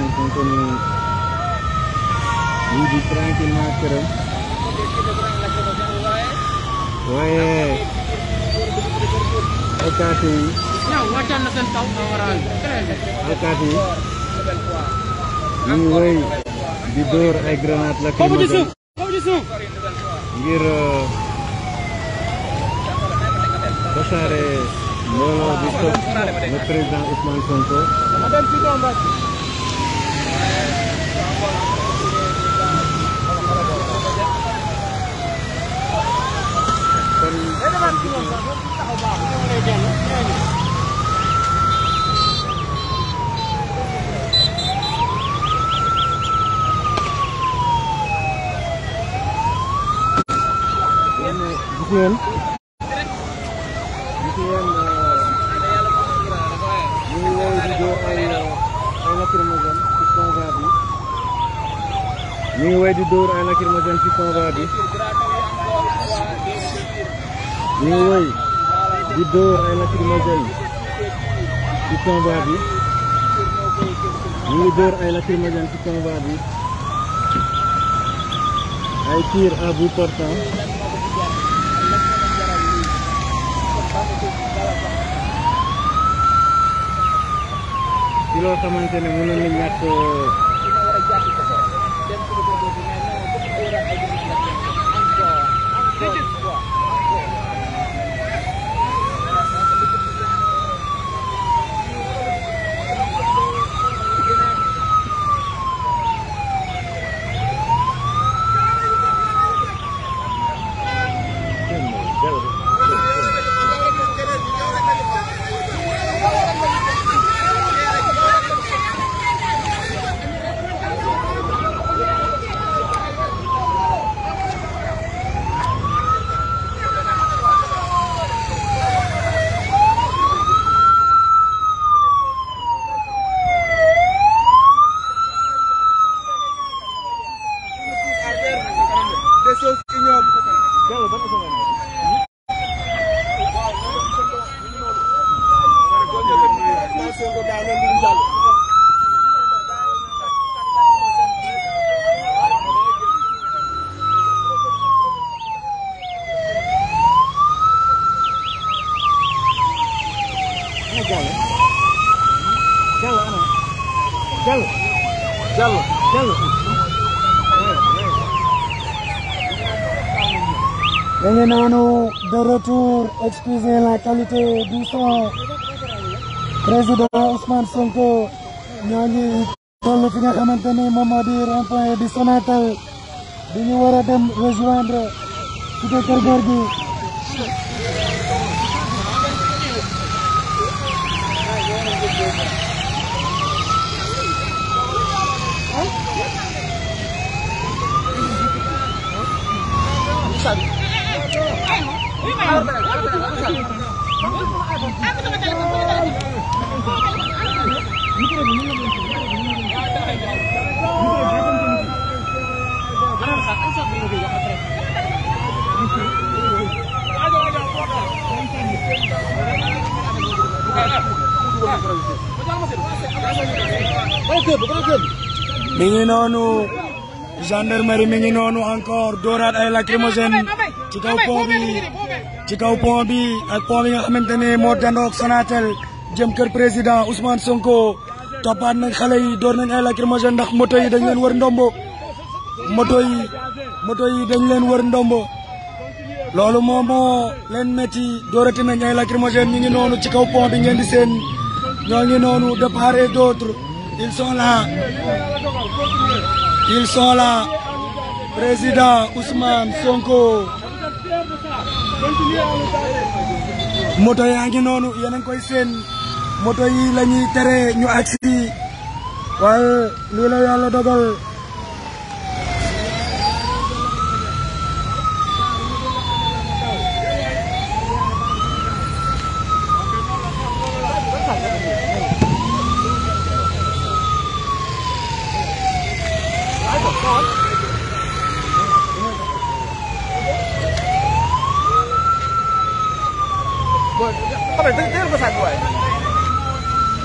nañ fi mu toll nii ñu ngi tranquillement këram waaye alkaati yi alkaati yi ñu ngi wéy di dóor ay grenades lacrymogènes ngir euh, tasaare mbooloo bi topp le président Ousmane Sonko ngeen gis ngeen ñu ngi woy vidéo ay ay lacrymogène ci convoi bi ñu ngi woy di dóor ay lacrymogène ci convoi bi ñu ngi woy di dóor ay lacrymogène ci convoi bi ñu ngi dóor ay lacrymogène ci convoi bi ay tir à portant ci loo xamante ne mën ñàkk euh, Sonko daaneel lu mu jàll. Diallo Diallo Diallo. da ngeen noonu de retour excusez la qualité du son. président Ousmane Sonko ñoo ngi toll fi nga xamante ni moom moo di rond point di Sonatel di ñu war a dem rejoindre cité Keur Gorgui mi ngi noonu gendarmerie mi ngi noonu encore dooraat ay lacrymogène ci kaw pont bi ci kaw pont bi ak pont bi nga xamante ne moo dandoog Sonatel jëm kër président usmaan Sonko toppaat nañ xale yi door nañ ay moto yi dañ leen wër ndombo moto yi moto yi dañ leen wër ndombo loolu moo moo leen metti doorati nañ ay lacrymogène ñu ngi noonu ci kaw pont bi ngeen di seen ñoo noonu de part et d'autre ils sont là ils sont là Sonko moto yaa noonu yéen a ngi koy moto yi la ñuy tere ñu àgg si waaye lii la yàlla dogal Apa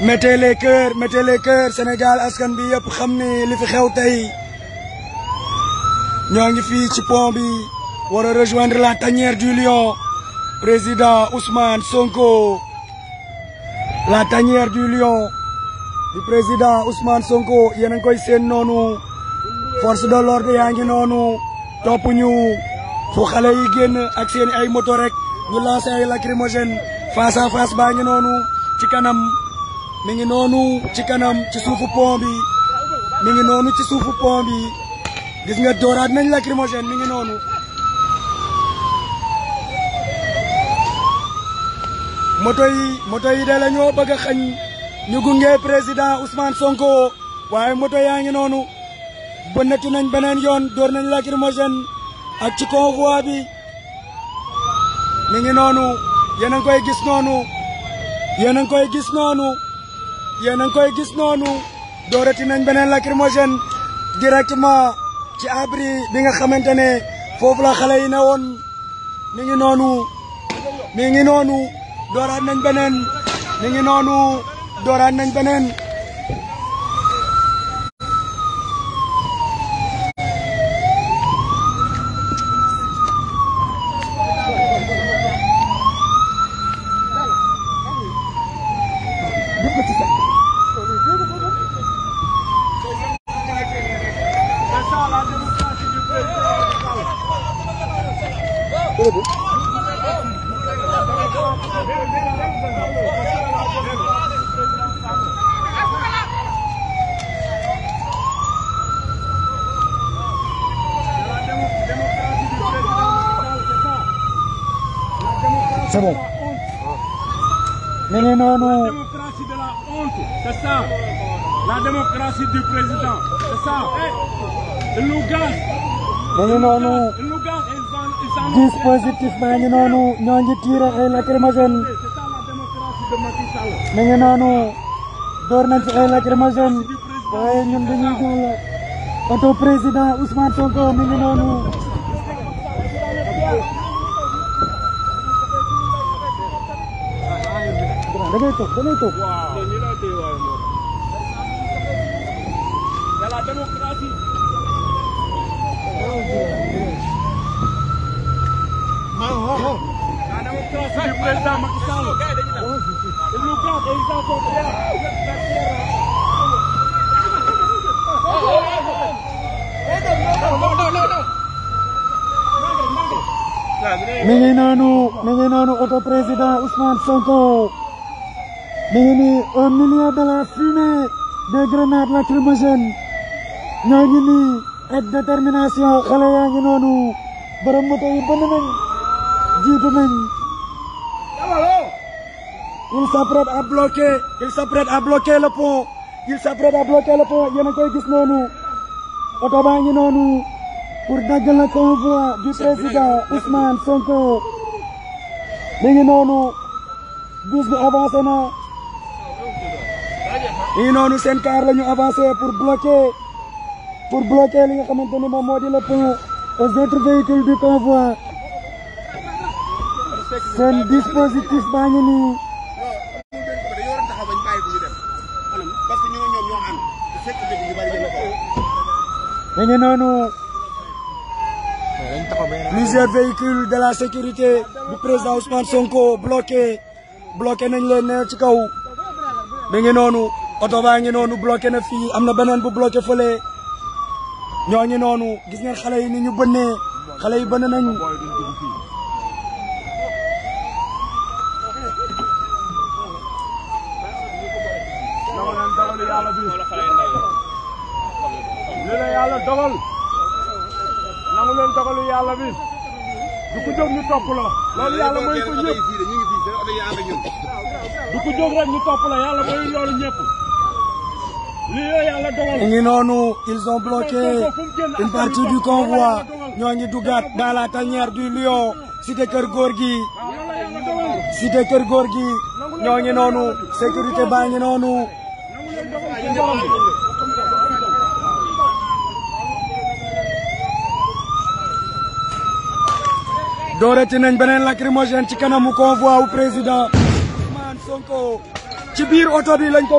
mettez les cœurs mettez les cœurs askan bi yëpp xam ni li fi xew tey ñoo ngi fii ci pont bi war a la tanière du lion président Ousmane Sonko la tanière du lion du président Ousmane Sonko yéen a ngi koy seen noonu force de l'ordre yaa ngi noonu topp fu xale yi génn ak seen ay moto rek ñu lancé ay lacrymogène face noonu ci kanam mi noonu ci kanam ci suufu pont bi mi ngi noonu ci suufu pont bi gis nga dooraat nañ lacrymogène mi ngi moto yi moto yi de la ñoo bëgg a xañ ñu gunge président Ousmane Sonko waaye moto yaa ngi noonu bënnatu nañ beneen yoon door nañ lacrymogène ak ci convoi bi mi ngi noonu gis noonu yéen a ngi gis noonu yéen a koy gis noonu doorati nañ beneen lacrymogène directement ci abri bi nga xamante ne foofu la xale yi ne woon mi ngi noonu mi ngi noonu dooraat nañ beneen mi ngi noonu dooraat nañ beneen C'est bon. Mais non, non. La démocratie de la honte, c'est ça. La démocratie du président, c'est ça. Et door nañ ci ay lacrymogène waaye ñun dañuy jàll oto président Ousmane Sonko mi ngi damay toog damay toog. waaw ñooñu ñu lay téye waaye moom. yàlla démocratie. maa ngi wax wax. la démocratie du président Macky Sall. il nous garde et ils en sont fiers. mi ngi noonu mi ngi noonu oto président Ousmane Sonko mi ngi nii au milieu de la fumée des grenades lacrymogènes nii ak détermination xale yaa ngi noonu borom moto yi bënn jiitu nañ il s'apprête à bloquer il s'apprête à bloquer le pont il s'apprête à bloquer le gis noonu oto baa ngi noonu pour dagg le convoi du président Ousmane Sonko mi noonu bus bi avancé na nii noonu seen car la ñu avancé pour bloquer pour bloquer li nga xamante ni moom moo di le pont aux autres véhicules du convoi seen dispositif baa ngi nii. ñu ngi noonu de la sécurité du président Ousmane Sonko bloqué bloqué nañ leen ci kaw mi ngi noonu. oto baa ngi noonu bloqué na fii am na beneen bu bloqué fële ñooñu noonu gis ngeen xale yi ni ñu bënnee xale yi bënn nañu li la yàlla dogal nangu leen dogalu yàlla ñu topp la loolu yàlla mooy ko ñëpp du ko jóg ñu topp la yàlla mooy loolu ñëpp ngi noonu ils ont bloqué une partie du convoi ñoo ngi dugaat dans la tanière du lion kër góor gi cité kër góor gi ñoo ngi noonu sécurité baa ngi noonu doorati nañ beneen lacrymogène ci kanamu convoi wu président Ousmane Sonko ci biir oto bi lañ ko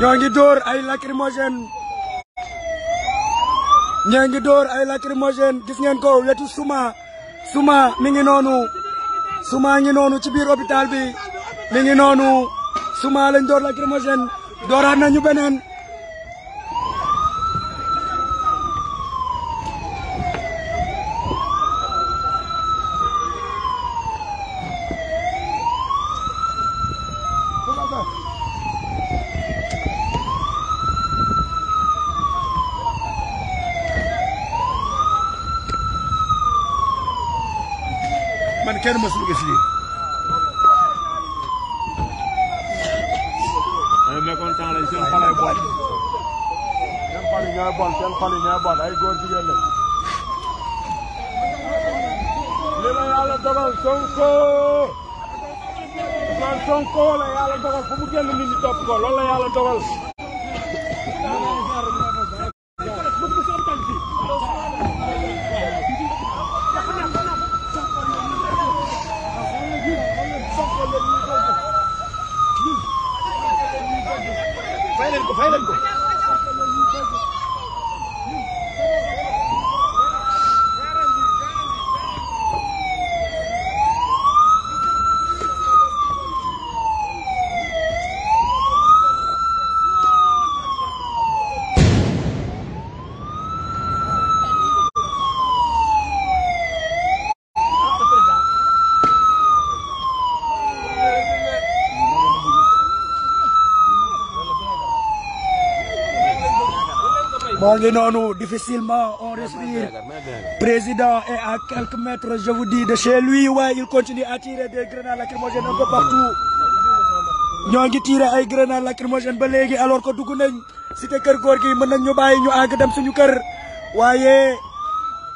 ñoo ngi dóor ay lacrymogène ñoo ngi dóor ay lacrymogène gis ngeen ko wetu suma suma mi ngi noonu suma ngi noonu ci biir hôpital bi mi ngi noonu suma lañ dóor lacrymogène dooraat nañu beneen kenn mësul gis lii. ay mécontent lañ seen xale bon seen xol yi ñooy bon seen xol yi ñooy bon ay góor jigéen lañ. li la yàlla dogal Sonko Sonko la yàlla dogal fu mu génn nit ñi topp ko loolu la yàlla moo ngi noonu difficilement on respire président est à quelques mètres je vous de chez lui waaye il continue à tirer des grenades lacrymogènes un peu partout ñoo ngi tirer ay grenades lacrymogènes ba léegi alors que dugg nañ cité kër góor gi mën nañ ñu bàyyi ñu àgg dem suñu kër waaye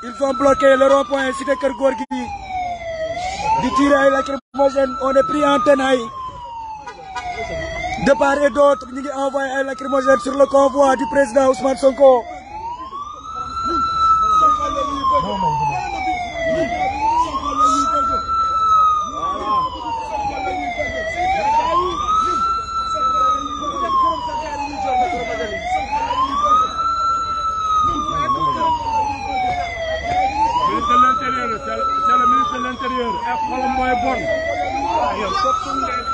ils ont bloqué le rond-point cité kër góor gi di tirer ay lacrymogènes on est pris en tenaille de part et d'autre envoyé ay lacrymogène le convoi du président Ousmane Sonko. ministre de l'intérieur ak mooy bon